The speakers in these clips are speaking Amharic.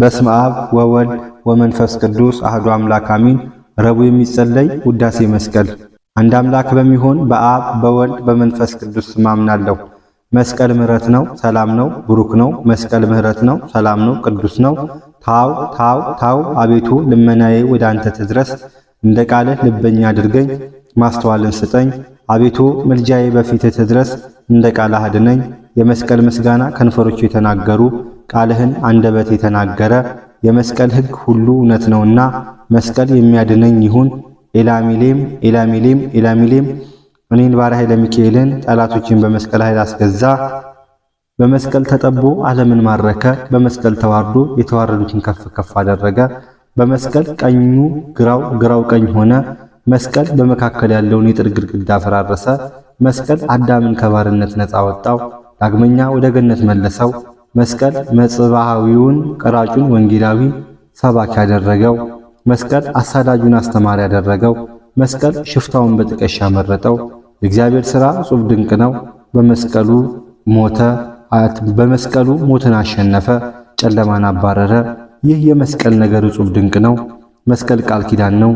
በስመ አብ ወወልድ ወመንፈስ ቅዱስ አህዶ አምላክ አሚን። ረቡዕ የሚጸለይ ውዳሴ መስቀል። አንድ አምላክ በሚሆን በአብ በወልድ በመንፈስ ቅዱስ ስማምናለሁ። መስቀል ምሕረት ነው፣ ሰላም ነው፣ ብሩክ ነው። መስቀል ምሕረት ነው፣ ሰላም ነው፣ ቅዱስ ነው። ታው ታው ታው አቤቱ ልመናዬ ወደ አንተ ትድረስ። እንደ ቃልህ ልበኛ አድርገኝ፣ ማስተዋልን ስጠኝ። አቤቱ ምልጃዬ በፊትህ ትድረስ። እንደ ቃልህ አድነኝ። የመስቀል ምስጋና ከንፈሮች የተናገሩ ቃልህን አንደበት የተናገረ የመስቀል ሕግ ሁሉ እውነት ነውና መስቀል የሚያድነኝ ይሁን። ኤላሚሌም ኤላሚሌም ኤላሚሌም እኔን ባሪያ ኃይለ ሚካኤልን ጠላቶችን በመስቀል ኃይል አስገዛ። በመስቀል ተጠቦ ዓለምን ማረከ። በመስቀል ተዋርዶ የተዋረዱትን ከፍ ከፍ አደረገ። በመስቀል ቀኙ ግራው ግራው ቀኝ ሆነ። መስቀል በመካከል ያለውን የጥል ግድግዳ ፈራረሰ። መስቀል አዳምን ከባርነት ነፃ ወጣው። ዳግመኛ ወደ ገነት መለሰው። መስቀል መጽባሃዊውን ቀራጩን ወንጌላዊ ሰባኪ ያደረገው፣ መስቀል አሳዳጁን አስተማሪ ያደረገው፣ መስቀል ሽፍታውን በጥቀሻ መረጠው። የእግዚአብሔር ሥራ እጹብ ድንቅ ነው። በመስቀሉ ሞተ፣ በመስቀሉ ሞትን አሸነፈ፣ ጨለማን አባረረ። ይህ የመስቀል ነገር እጹብ ድንቅ ነው። መስቀል ቃል ኪዳን ነው።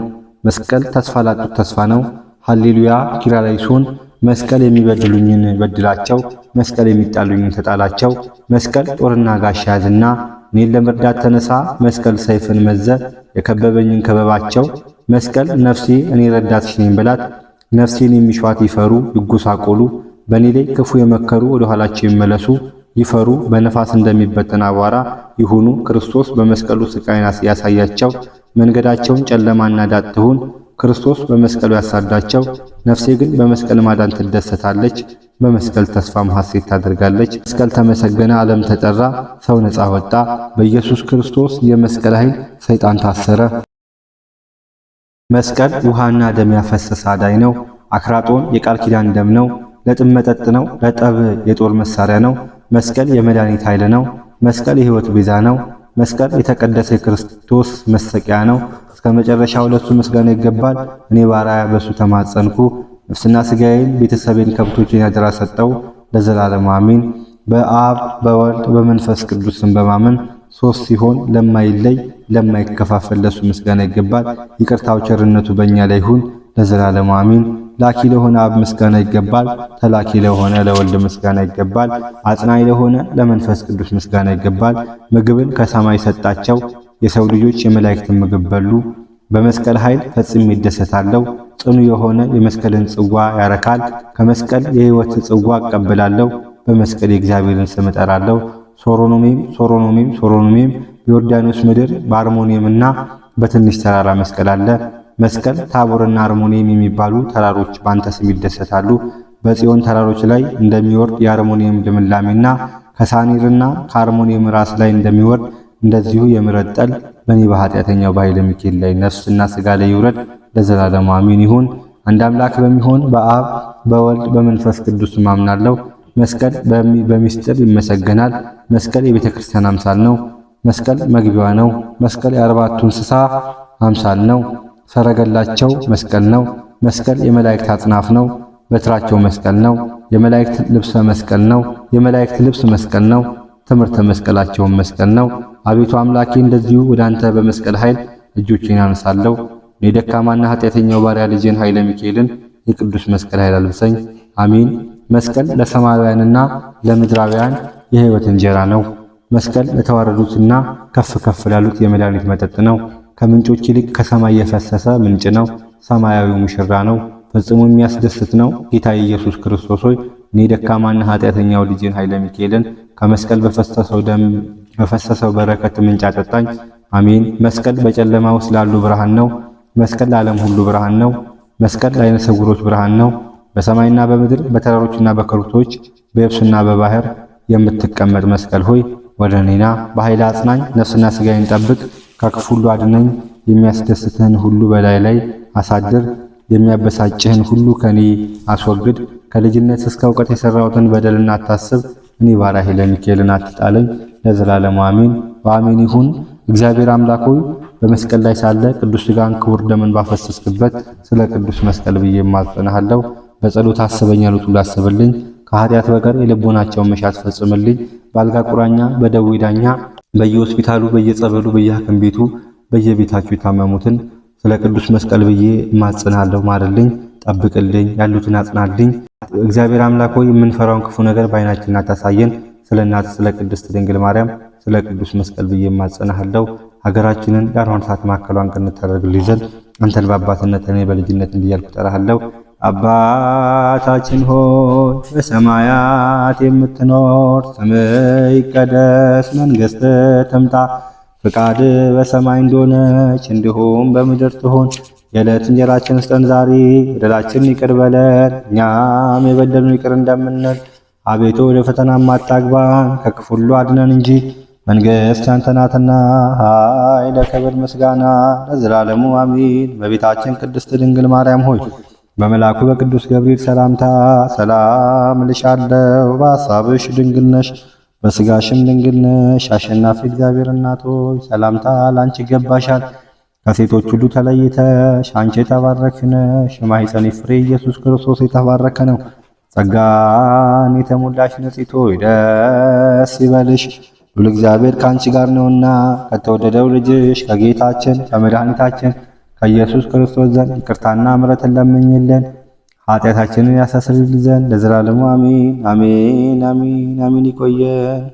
መስቀል ተስፋ ላጡት ተስፋ ነው። ሃሌሉያ ኪርያላይሶን መስቀል የሚበድሉኝን በድላቸው፣ መስቀል የሚጣሉኝን ተጣላቸው። መስቀል ጦርና ጋሻ ያዝና እኔን ለመርዳት ተነሳ። መስቀል ሰይፍን መዘ የከበበኝን ከበባቸው። መስቀል ነፍሴ እኔ ረዳትሽ ነኝ በላት። ነፍሴን የሚሿት ይፈሩ ይጎሳቆሉ። በእኔ ላይ ክፉ የመከሩ ወደ ኋላቸው ይመለሱ ይፈሩ በነፋስ እንደሚበተን አቧራ ይሁኑ። ክርስቶስ በመስቀሉ ስቃይን ያሳያቸው። መንገዳቸውን ጨለማና ዳጥ ትሁን። ክርስቶስ በመስቀሉ ያሳዳቸው፣ ነፍሴ ግን በመስቀል ማዳን ትደሰታለች፣ በመስቀል ተስፋም ሐሴት ታደርጋለች። መስቀል ተመሰገነ፣ ዓለም ተጠራ፣ ሰው ነፃ ወጣ። በኢየሱስ ክርስቶስ የመስቀል ኃይል ሰይጣን ታሰረ። መስቀል ውሃና ደም ያፈሰሰ አዳኝ ነው። አክራጦን የቃል ኪዳን ደም ነው። ለጥም መጠጥ ነው። ለጠብ የጦር መሳሪያ ነው። መስቀል የመድኃኒት ኃይል ነው። መስቀል የሕይወት ቤዛ ነው። መስቀል የተቀደሰ የክርስቶስ መሰቂያ ነው። እስከ ለሱ ምስጋና ይገባል። እኔ ባሪያ በሱ ተማጸንኩ። ነፍስና ስጋዬን፣ ቤተሰቤን፣ ከብቶችን ያደራ ሰጠው ለዘላለም አሜን። በአብ በወልድ በመንፈስ ቅዱስን በማመን ሶስት ሲሆን ለማይለይ ለማይከፋፈል ለሱ ምስጋና ይገባል። ይቅርታው ቸርነቱ በእኛ ላይ ይሁን ለዘላለሙ አሚን። ላኪ ለሆነ አብ ምስጋና ይገባል። ተላኪ ለሆነ ለወልድ ምስጋና ይገባል። አጽናኝ ለሆነ ለመንፈስ ቅዱስ ምስጋና ይገባል። ምግብን ከሰማይ ሰጣቸው፣ የሰው ልጆች የመላእክትን ምግብ በሉ። በመስቀል ኃይል ፈጽሜ ይደሰታለሁ። ጽኑ የሆነ የመስቀልን ጽዋ ያረካል። ከመስቀል የሕይወት ጽዋ እቀበላለሁ። በመስቀል የእግዚአብሔርን ስም እጠራለሁ። ሶሮኖሜም ሶሮኖሜም ሶሮኖሜም፣ በዮርዳኖስ ምድር በአርሞኒየምና በትንሽ ተራራ መስቀል አለ። መስቀል፣ ታቦርና አርሞኒየም የሚባሉ ተራሮች ባንተ ስም ይደሰታሉ። በጽዮን ተራሮች ላይ እንደሚወርድ የአርሞኒየም ልምላሜና ከሳኒርና ከአርሞኒየም ራስ ላይ እንደሚወርድ እንደዚሁ የምሕረት ጠል በእኔ በኃጢአተኛው በኃይለ ሚካኤል ላይ ነፍስና ስጋ ላይ ይውረድ ለዘላለሙ አሜን ይሁን። አንድ አምላክ በሚሆን በአብ በወልድ በመንፈስ ቅዱስ ማምናለሁ። መስቀል በሚስጥር ይመሰገናል። መስቀል የቤተ ክርስቲያን አምሳል ነው። መስቀል መግቢያዋ ነው። መስቀል የአርባቱ እንስሳ አምሳል ነው። ሰረገላቸው መስቀል ነው። መስቀል የመላእክት አጽናፍ ነው። በትራቸው መስቀል ነው። የመላእክት ልብሰ መስቀል ነው። የመላእክት ልብስ መስቀል ነው። ትምህርተ መስቀላቸውን መስቀል ነው። አቤቱ አምላኬ እንደዚሁ ወደ አንተ በመስቀል ኃይል እጆቼን አነሳለሁ። እኔ ደካማና ኃጢአተኛው ባሪያ ልጅን ኃይለ ሚካኤልን የቅዱስ መስቀል ኃይል አልብሰኝ። አሜን። መስቀል ለሰማያውያንና ለምድራውያን የሕይወት እንጀራ ነው። መስቀል ለተዋረዱትና ከፍ ከፍ ላሉት የመድኃኒት መጠጥ ነው። ከምንጮች ይልቅ ከሰማይ የፈሰሰ ምንጭ ነው። ሰማያዊው ሙሽራ ነው፣ ፈጽሞ የሚያስደስት ነው። ጌታ ኢየሱስ ክርስቶስ ሆይ እኔ ደካማና ኃጢአተኛው ልጅን ኃይለ ሚካኤልን ከመስቀል በፈሰሰው ደም በፈሰሰው በረከት ምንጭ አጠጣኝ። አሜን። መስቀል በጨለማ ውስጥ ላሉ ብርሃን ነው። መስቀል ለዓለም ሁሉ ብርሃን ነው። መስቀል ለዓይነ ስውሮች ብርሃን ነው። በሰማይና በምድር በተራሮችና በኮረብቶች በየብስና በባህር የምትቀመጥ መስቀል ሆይ ወደ እኔና በኃይል አጽናኝ፣ ነፍስና ስጋዬን ጠብቅ። ከክፉ ሁሉ አድነኝ። የሚያስደስትህን ሁሉ በላይ ላይ አሳድር። የሚያበሳጭህን ሁሉ ከኔ አስወግድ። ከልጅነት እስከ እውቀት የሰራሁትን በደልና አታስብ። እኔ ባሪያህ ለሚካኤልን አትጣለኝ። ለዘላለም አሜን በአሜን ይሁን። እግዚአብሔር አምላክ ሆይ በመስቀል ላይ ሳለ ቅዱስ ሥጋን ክቡር ደምን ባፈሰስክበት ስለ ቅዱስ መስቀል ብዬ ማጽናሃለሁ። በጸሎት አስበኝ ሁሉ ላስብልኝ። ከኃጢአት በቀር የልቦናቸውን መሻት ፈጽምልኝ። በአልጋ ቁራኛ በደዌ ዳኛ በየሆስፒታሉ፣ በየጸበሉ፣ በየሐኪም ቤቱ፣ በየቤታቸው የታመሙትን ስለ ቅዱስ መስቀል ብዬ ማጽናለሁ። ማርልኝ፣ ጠብቅልኝ፣ ያሉትን አጽናልኝ። እግዚአብሔር አምላክ ሆይ የምንፈራውን ክፉ ነገር በዓይናችን አታሳየን። ስለ እናት ስለ ቅድስት ድንግል ማርያም ስለ ቅዱስ መስቀል ብዬ ማጽናሃለሁ። ሀገራችንን የአርሆን ሰዓት ማከሏን ቅንት ታደርግልኝ ዘንድ አንተን በአባትነት እኔ በልጅነት እንዲያልኩ ጠራሃለሁ። አባታችን ሆይ በሰማያት የምትኖር፣ ስምህ ይቀደስ፣ መንግሥትህ ትምጣ፣ ፍቃድ በሰማይ እንደሆነች እንዲሁም በምድር ትሁን። የዕለት እንጀራችን ስጠን ዛሬ፣ በደላችንን ይቅር በለን እኛም የበደሉንን ይቅር እንደምንል፣ አቤቱ ወደ ፈተና አታግባን፣ ከክፉ ሁሉ አድነን እንጂ መንግሥት ያንተ ናትና፣ ኃይል፣ ክብር፣ ምስጋና ለዘላለሙ አሜን። እመቤታችን ቅድስት ድንግል ማርያም ሆይ በመልአኩ በቅዱስ ገብርኤል ሰላምታ ሰላም ልሻለው፣ በሐሳብሽ ድንግል ነሽ፣ በስጋሽም ድንግል ነሽ። አሸናፊ እግዚአብሔር እናቶች ሰላምታ ላንቺ ይገባሻል። ከሴቶች ሁሉ ተለይተሽ አንቺ የተባረክሽ ነሽ። የማኅፀንሽ ፍሬ ኢየሱስ ክርስቶስ የተባረከ ነው። ጸጋን የተሞላሽ ንጽሕት ሆይ ደስ ይበልሽ፣ ሁሉ እግዚአብሔር ከአንቺ ጋር ነውና ከተወደደው ልጅሽ ከጌታችን ከመድኃኒታችን ከኢየሱስ ክርስቶስ ዘንድ ይቅርታና ምሕረትን ለምኝልን ኃጢአታችንን ያሳስርልን ዘንድ ለዘላለሙ አሜን አሜን አሜን አሜን። ይቆየን።